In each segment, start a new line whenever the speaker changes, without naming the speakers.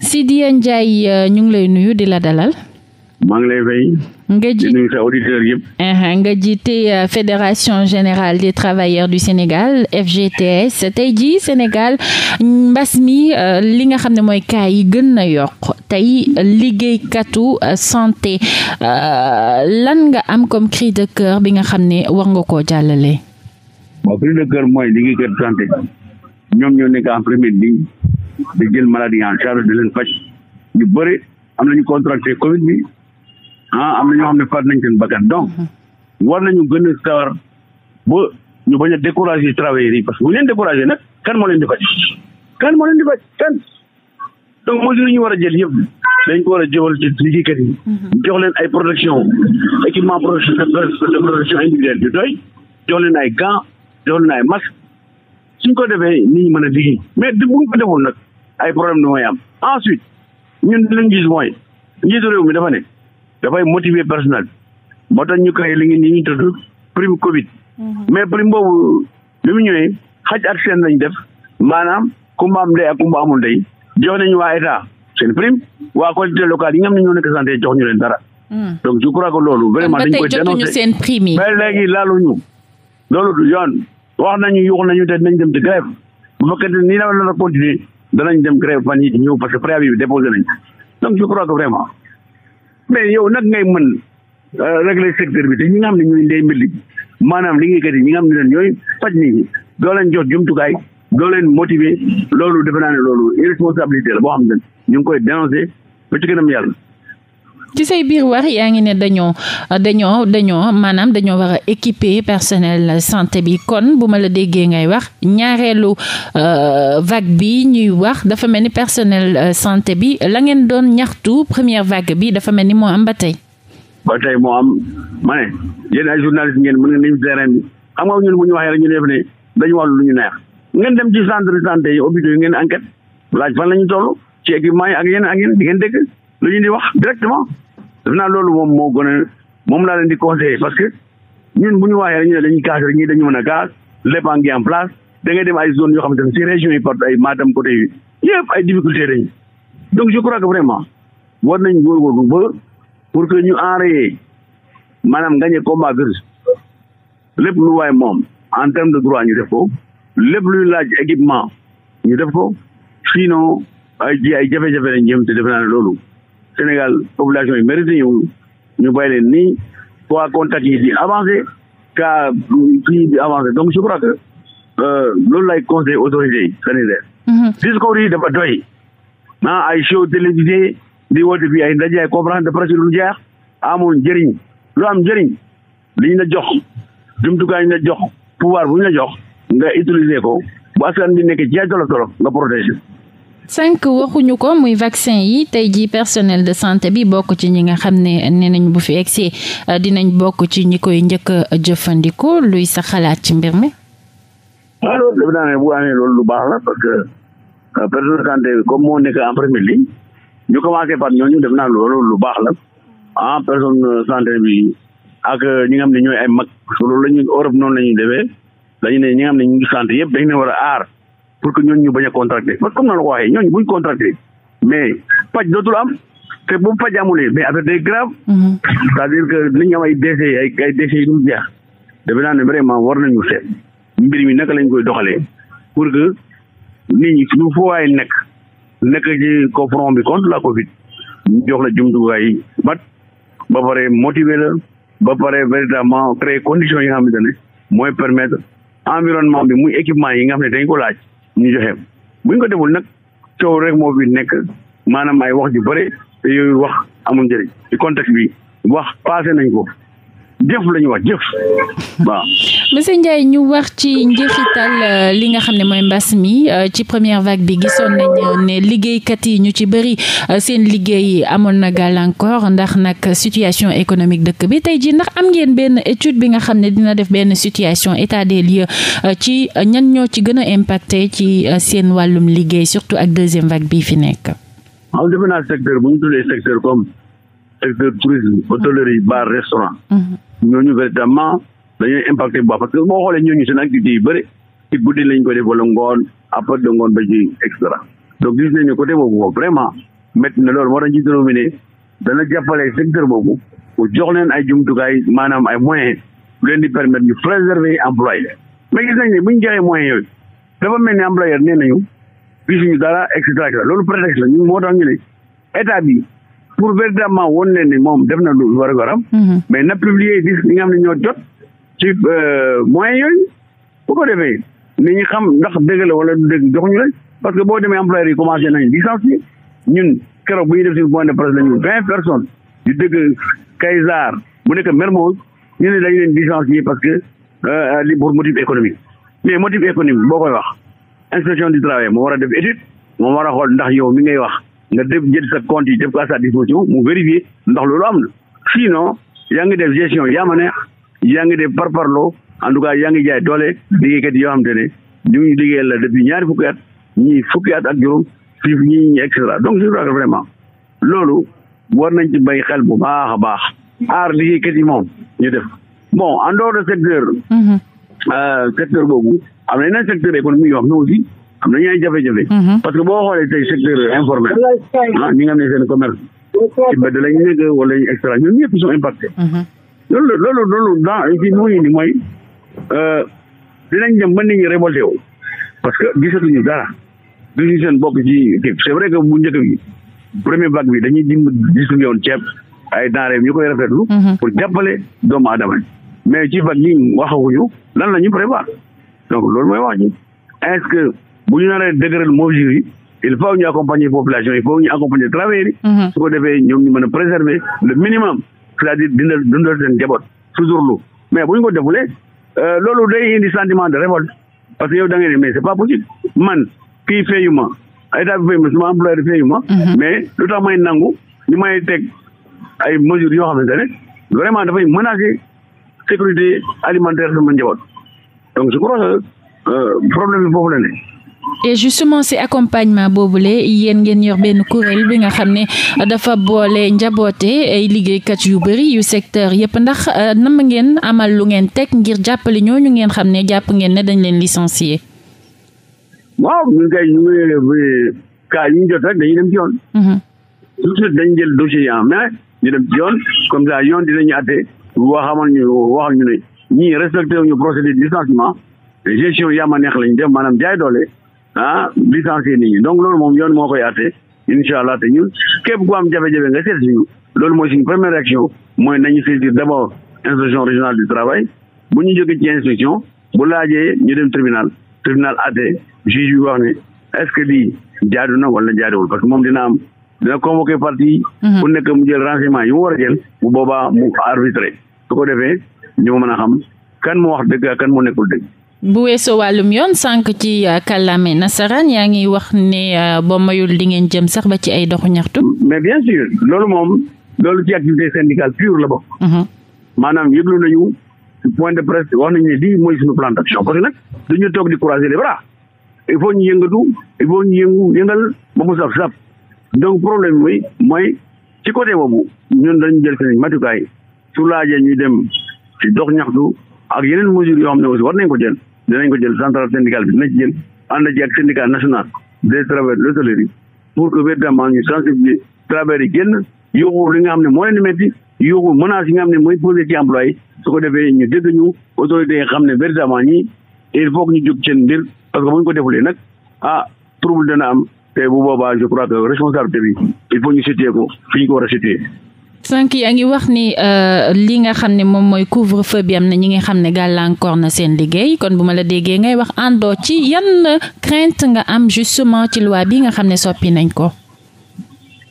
Sidya Ndiaye euh, ñu ngi lay nuyu di la dalal.
nga ji di uh-huh,
nga jiite euh, fédération générale des travailleurs du Sénégal FGTS tey jii Sénégal mbas mi euh, li nga xam ne mooy cas yi gën na yokk tey liggéeykatu santé lan nga am comme cri de cœur bi nga xam ne war nga koo jàllale.
di jël maladie en charge di leen faj ñu bëri am nañu contracté Covid bi ah am na ñoo xam ne faat nañ seen bakkan donc war nañu gën a sawar ñu bañ a découragé travailleurs parce que bu leen découragé nag kan moo leen di faj kan moo leen di faj kan donc mesures yi ñu war a jël yëpp dañ ko war a jëbal ci liggéeykat yi jox leen ay protection équipement protection individuelle bi doy jox leen ay gants jox leen ay masque suñ ko defee nit ñi mën a liggéey mais bu ñu ko deful nag ay problème du mooy am ensuite ñun li ñu gis mooy njiitu réew mi dafa ne dafay motiver personnel moo tax ñu koy li ñu ñu tudd prime covid mhm. mais prime boobu li mu ñëwee xaj ak seen lañ def maanaam ku mu am ndey ak ku mu amul ndey jox nañu waa état seen prime waa collectivité locale yi nga xam ne ñoo nekk santé jox ñu leen dara mhm. donc je crois loolu vraiment dañ koy dénoncer ba léegi laaluñu loolu du yoon wax nañu yuux nañu te dinañ dem ci grève bu fekkente ni la la continuer danañ dem grève fan yii ñëw parce que préavis bi déposé nañ donc je vraiment mais yow nag ngay mën euh, régler secteur bi te ñi nga xam ne ñooy ndey mbir li maanaam liggéeykat yi ñi nga xam ne leen ñooy faj nit ñi doo jox jumtukaay doo leen motiver loolu defe naa ne loolu irresponsabilité la boo xam ne ñu ngi koy dénoncer ba ci kanam yàlla
ci say biir war yaa ngi ne dañoo dañoo dañoo maanaam dañoo war a équiper personnel santé bi kon bu ma la déggee ngay wax ñaareelu euh, vague bi ñuy wax dafa mel ni personnel euh, santé bi la ngeen doon ñaxtu première vague bi dafa mel ni moo am ba tey.
ba tey moo am ma ne yéen ay journaliste ngeen mën nañu terrain bi xam nga ñun bu ñu waxee rek ñu def ne dañu lu ñu neex ngeen dem ci centre santé yi hôpitaux yi ngeen enquête laaj fan la ñu ci équipement yi ak yeneen ak yeneen di ngeen dégg. la di wax directement def naa loolu moom moo gën a moom laa leen di conseiller parce que ñun bu ñu waxee rek ñu ne dañuy gaz rek ñii dañu mën a gaz lépp a ngi en place da ngay dem ay zone yoo xamante ne si région yi partout ay Matam côté yi yëpp ay difficulté dañu donc je crois que vraiment war nañ góorgóorlu ba pour que ñu enrayer maanaam gagné combat virus lépp lu waay moom en terme de droit ñu def ko lépp luy laaj équipement ñu def ko sinon ay ji ay jafe-jafe lañ jëm te defe naa ne loolu Sénégal population yi mérité ñu ñu bàyyi leen nii poids contact yi di avancé cas kii di avancé donc je crois que euh, loolu lay conseil autorités yi sanitaire mhm. discours dafa doy ah ay show télévisé di woote fii ay ndaje ay conférence de presse lu jeex amul njëriñ lu am njëriñ li ñu la jox jumtukaay ñu la jox pouvoir bu ñu la jox nga utiliser ko bu askan bi nekk ci ay tolof tolof nga protéger
sànq waxuñu ko muy vaccin yi tey jii personnel de santé bi bokk ci ñi nga xam ne nee nañ bu fi egsee euh, dinañ bokk ci ñi koy njëkk a jëfandikoo luy sa xalaat ci mbir mi.
waaw ah, loolu bu amee loolu lu baax la parce que euh, personnel santé bi comme moo nekk en première li ñu ko commencé par ñooñu def naa loolu lu baax la ah personne de santé bi ak euh, ñi nga xam ne ñooy ay mag. loolu la ñuy Europe noonu la ñuy defee dañu ne ñu nga xam ne ñu ngi santé yëpp dañu ne war a aar. pour que ñooñu ñu bañ a contracté parce que comme na la ko waxee ñooñu buñ contracté mais paj dootul am te bu paj amulee mais affaire day grave mm-hmm. c'est-à-dire que dinañ am ay décès ay ay décès yu dul jeex defe naa ne vraiment war nañu seet mbir mi naka lañ koy doxalee pour que nit ñi suñu foowaay nekk nekk ci ko front bi contre la covid ñu jox la jumtuwaay bat ba pare motiver la ba pare véritablement créer conditions yi nga xamante ne mooy permettre environnement bi mu équipement yi nga xam ne dañ ko laaj ñu joxe buñ ko deful nag too rek moo nekk maanaam ay wax ju bëri te yooyu wax amul njëriñ ci contexte bi wax passé nañ ko jëf lañu ñu wax jëf waaw.
monsieur ñu wax ci njeexital euh, li nga xam ne mooy mbas mi euh, ci première vague bi gisoon nañ ne liggéeykat yi ñu ci bëri euh, seen liggéey amoon na gàllankoor ndax nag situation économique dëkk bi tey jii ndax am ngeen benn étude bi nga xam ne dina def benn situation état des lieux ci ñan ñoo ci gën a impacté ci seen wàllum liggéey surtout ak deuxième vague bii fi nekk.
waaw defe naa secteur bu ñu tuddee secteur comme. secteur tourisme hôtellerie bar restaurant mhm. ñooñu véritablement dañuy impacté bu baax parce que boo xoolee ñooñu seen activités yu bëri ci guddi lañ ko def wala ngoon après de ngoon ba ci et donc gis nañ ne boobu vraiment métti na loolu moo tax njiitu réew mi dana jàppale secteur boobu mu jox leen ay jumtukaay maanaam ay moyens lu leen di permettre ñu préserver employé mais gis nañ ne bu ñu joxee moyens yooyu dafa mel ni employeur nee nañu gisuñu dara et moo tax ñu ne état bi pour véritablement woon leen ni moom def na lu war a waram mhm. mais na publier di nga xam ne ñoo jot ci euh, moyens yooyu bu ko defee ni ñu xam ndax dëgg la wala du dëgg joxuñu la parce que boo demee employeurs yi commencé nañu licencier ñun keroog bu ñu def si suñu point de presse lañu vingt personnes yu dëgg Kaysar bu nekk Mermoz ñu ne dañu leen licencier parce que euh, li pour motif économique mais motif économique boo koy wax inspection du travail moo war a def étude moo war a xool ndax yow mi ngay wax nga def jël sa compte yi def ko à sa disposition mu vérifier ndax loolu am na sinon yaa ngi def gestion yaa ma neex yaa ngi def parparloo en tout cas yaa ngi jaay doole liggéeykat yoo xam te ne ñu ngi liggéeyal la depuis ñaari fukki at ñii fukki at ak juróom fii ñii et cetera donc je crois que vraiment loolu war nañ ci bay xel bu baax a baax aar liggéeykat yi moom ñu def bon en dehors de secteur mhm. euh, secteur boobu am na yeneen secteur économique yoo xam ne aussi am nañu ay jafe-jafe. Mhm. parce que boo xoolee tey secteur informel ah ñi nga ne seen commerce ci mbedd lañ nekk wala ñu extra ñoom ñëpp sont impactés. Mhm. loolu loolu loolu ni mooy euh, dinañ ba nit ñi révolté wu parce que gisatuñu dara duñu seen bopp ci kii c'est vrai que bu njëkk bi premier vague bi dañuy dimb distribué woon ceeb ay denrées ñu koy rafetlu. Mhm. pour jàppale doomu aadama mais ci vague yi waxaguñu lan la ñu prévoir donc loolu mooy wax ji est-ce que bu ñu naree dëgëral mesures yi il faut ñu accompagner population il faut ñu accompagner travailleurs yi. Mhm. su ko defee ñoom ñu mën a préserver le minimum c'est-à-dire dindal dundal seen njaboot toujours mais bu ñu ko defulee euh, loolu day indi sentiment de révolte parce que yow da ngeen mais c'est pas possible man kii feeyu ma état bi feeyu ma sama employeur ma. Mhm. mais lu tax may nangu ñu may teg ay mesures yoo xamante ne vraiment dafay menacer sécurité alimentaire sama njaboot donc je crois que euh, problème bi foofu la
et justement si accompagnement le yéen ngeen yor benn kuréel bi nga xam ne dafa boole njaboote ay liggéeykat yu bëri yu secteur yëpp ndax euh, nam ngeen amal lu ngeen tek ngir jàppale ñooñu ngeen xam ne jàpp ngeen ne dañ leen licencier.
waaw ñun kay ñu ngi cas yi ñu jot rek dañuy dem ci yoon. Mhm. toujours dañ jël dossier yi en main ñu dem ci yoon comme ça yoon dinañu àtte wax xamal ñu waxal ñu ne ñii respecté wuñu procédure de gestion yaa ma neex lañ def maanaam ah licencié nit ñi donc loolu moom yoon moo koy àtte incha allah te ñun képp ko am jafe-jafe nga seet ñu loolu mooy suñu première action mooy nañu saisir d' abord inspection régionale du travail bu ñu jógee ci inspection bu laajee ñu dem tribunal tribunal àtte juge bi wax ne est ce que lii jaadu na wala jaaduwul parce que moom dina am dina convoqué parti bu mhm. nekk mu jël renseignement yi mu war a jël bu boobaa mu arbitré su ko defee ñu mën a xam kan moo wax dëgg ak kan moo nekkul dëgg
bu weesoo wàllum yoon sànq ci euh, kàllaame nasaraan yaa ngi wax ne euh, ba mayul di ngeen jëm sax ba ci ay doxu
ñaxtu. mais bien loolu moom loolu ci activité syndicale pure la bokk. Mm-hmm. maanaam yëglu nañu point de presse wax nañu ne lii mooy suñu plan d'action parce que nag dañu toog di croiser les bras il faut ñu yëngatu il faut ñu yëngu yëngal ba mu saf saf donc problème bi mooy ci côté boobu ñun dañu jël seen matukaay su laajee ñuy dem ci dox ñaxtu ak yeneen mesures yoo xam ne aussi war nañ ko dinañ ko jël central syndical bi dinañ ci jël ànd ci ak syndicat national des travailleurs de l'hôtellerie pour que véritablement ñu sensibiliser travailleurs yi génn yóoxu li nga xam ne moo leen di métti yóoxu menace yi nga xam ne mooy posé ci emploi yi su ko defee ñu dégg ñu autorités yi xam ne véritablement ñi il faut que ñu jóg seen mbir parce que bu ñu ko defulee nag ah trouble dana am te bu boobaa je crois que responsabilité bi il faut ñu situer ko fi ñu ko war a situer
sànq yaa ngi wax ni euh, li nga xam ne moom mooy couvre-feu bi am na ñi nga xam ne gàllankoor na seen liggéey kon bu ma la déggee ngay wax àndoo ci yan crainte nga am justement ci loi bi nga xam ne soppi nañ ko.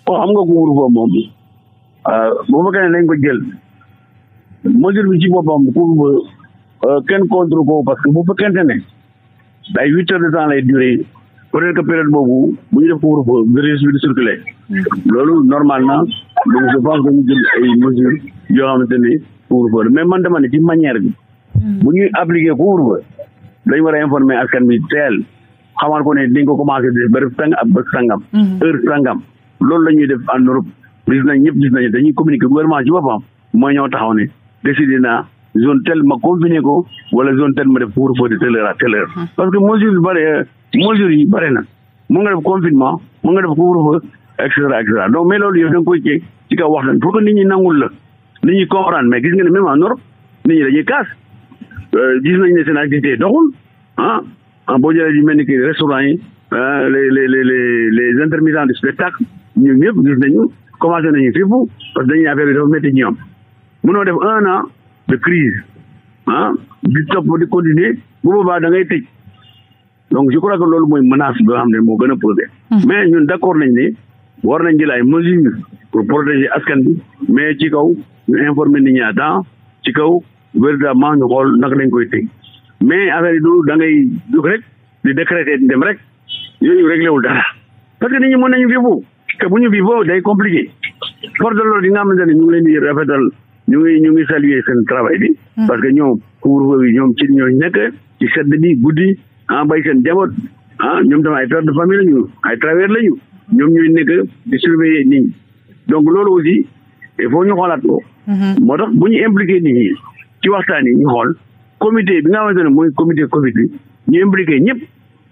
bon xam nga couvre-feu moom euh, bu fekkee nañ ko jël mesure bi ci boppam couvre euh, kenn contre ko parce que bu fekkente ne day huit heures de temps lay durer. peut-être que période boobu bu def couvre-feu virus bi di circuler hmm. loolu normal donc je pense yoo xamante ne couvre-feu mais man dama ne ci manière bi. Hmm. bu ñuy appliquer couvre-feu dañ war a informer askan bi teel xamal ko ne dañ ko commencé def bërëb sangam ak bës sangam. Hmm. heure sangam loolu la ñuy def en Europe gis nañ ñëpp gis nañu dañuy communiquer gouvernement ci boppam mooy ñoo taxaw ne décidé naa zone telle ma confiné ko wala zone telle ma def couvre-feu de telle heure à telle heure. Hmm. parce que mesure yu na mun nga def confinement mun nga def couvre et cetera et cetera donc mais loolu yow da nga koy jéeg ci kaw wax lan pour que nit ñi nangul la nit ñi comprendre mais gis nga ne même en Europe ñi dañuy kaas euh, gis nañ ne seen activité doxul ah ah boo jëlee yu mel ni que restaurant yi ah, les les les les intermittents du spectacle ñun ñëpp gis nañu commencé nañu fippu parce que dañuy affaire bi dafa métti ñoom mënoo def un an de crise ah di topp di continuer bu boobaa da ngay tëj donc je crois que loolu mooy menace bi moo gën a posé mais war nañ jël ay mesures pour protéger askan bi mais ci kaw ñu informer nit ñi à temps ci kaw véritablement ñu xool naka lañ koy teg mais affaire yi du da ngay jóg rek di décréter di dem rek yooyu réglé wul dara parce que nit ñi mën nañu vivre te bu ñu vivre day compliqué force de l'ordre yi nga xamante ne ñu ngi leen di rafetal ñu ngi ñu ngi saluer seen travail bi. Mm. parce que ñoom couvre-feu ñoom ci ñoo nekk ci sedd bi guddi ah bay seen jaboot ah ñoom tamit ay père de famille lañu ay travers lañu. ñoom ñooy nekk di surveiller nit donc loolu aussi il faut ñu xoolaat ko. Mhm. moo tax bu ñu impliqué nit ñi ci waxtaan yi ñu xool comité bi nga xamante ne mooy comité Covid bi ñu impliqué ñëpp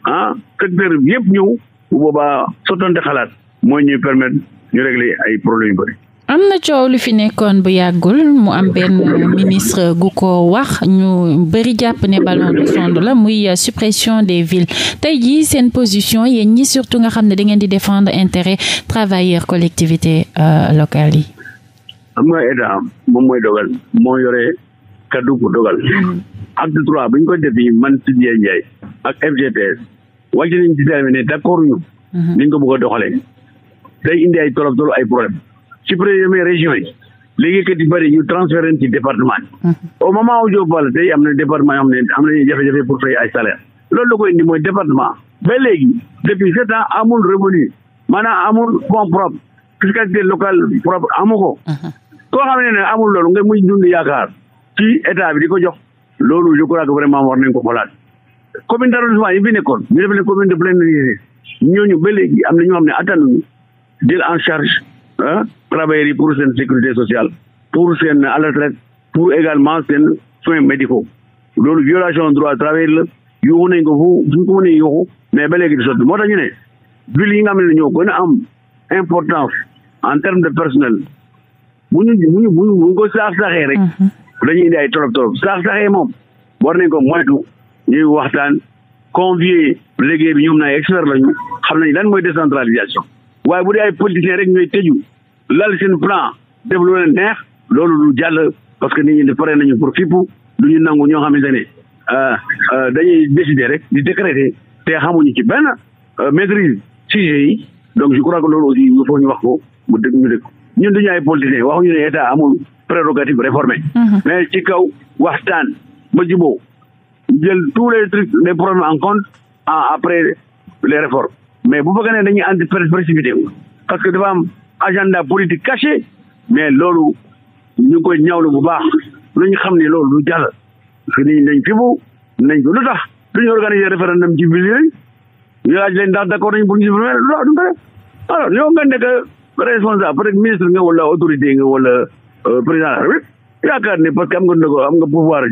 ah secteur bi yëpp ñëw bu boobaa sottante xalaat mooy ñu permettre ñu régler ay problèmes yu bëri.
am na coow lu fi nekkoon bu yàggul mu am benn ministre gu ko wax ñu bëri jàpp ne ballon de la muy suppression des villes tey jii seen position yéen ñi surtout nga xam ne da ngeen di défendre intéret travailleurs collectivités euh, locales yi.
am nga état moom mooy dogal moo yore kaddu ko dogal. acte trois bu ñu ko defee man Sidya Ndiaye ak FGTS wàcc ci terminé d' accord ñu. Mhm. ni ñu ko bëgg a doxalee. day indi ay tolof tolof ay problème supprimer région yi liggéeykat yi bëri ñu transféré ci département yi mhm. au tey am na département yoo xam ne am nañu jafe-jafe pour fay ay salaire loolu la indi mooy département ba léegi depuis sept amul revenu maanaam amul fonds propre fiscalité locale propre amu ko mhm. koo xam ne ne amul loolu nga muy dund yaakaar ci état bi di ko jox loolu je crois que vraiment war nañ ko xoolaat commune d'arrondissement yi fi nekkoon ñu def leen commune de plein exercice ñooñu ba léegi am na ñoo xam ne attanuñu ah travailleurs yi pour seen sécurité sociale pour seen à la retraite pour également seen soins médicaux loolu violation droit travailleurs la yóbbu nañ ko fu ñu ko mënee yóbbu mais ba léegi di sotti moo tax ñu ne ville yi nga xam ne ñoo ko ne am importance en terme de personnel bu ñu bu ñu bu ñu ko saax saaxee rek. Mhm. dañuy indi ay torop torop saax saaxee moom war nañ ko moytu ñuy waxtaan convier liggéey bi ñoom na ay expert lañu xam nañ lan mooy décentralisation. waaye bu dee ay politiciens rek ñooy tëju lal seen plan def lu neex loolu du jal parce que nit ñi di pare nañu pour fippu du ñu nangu ñoo xamante ne euh, euh, dañuy décider rek di décréter te xamuñu ci benn euh, maîtrise sujet yi donc je crois que loolu aussi il faut ñu wax ko mu dégg ñu dégg ñun dañu ay politiciens waxuñu ne état amul prérogative réformée mm-hmm. mais ci kaw waxtaan ba juboo jël tous les trucs les problèmes en compte après les réformes mais bu fekkee ne dañuy anti précipité parce que dafa am agenda politique caché mais loolu ñu ngi koy ñawlu bu baax luñu xam ne loolu du jàll parce que nit nañ fi bu nañ ko lu tax duñu organiser référendum ci biir yooyu ñu laaj leen ndax d' accord nañ pour ñu supprimer lu tax duñ ko def alors yow wala autorité nga wala euh, président de la République yaakaar ne parce que am nga am nga pouvoir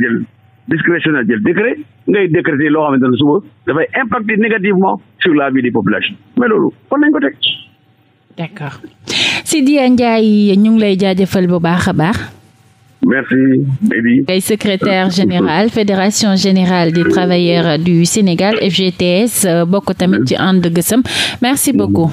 discrétionnel jël décret ngay décréter loo xamante ne suba dafay impacter négativement sur la vie des populations mais loolu kon nañ ko teg.
d'accord Sidya Ndiaye ñu ngi lay jaajëfal bu baax a baax.
merci Eddie.
ngay secrétaire général fédération générale des travailleurs du Sénégal FGTS euh, bokk tamit ci And Gueusseum merci beaucoup.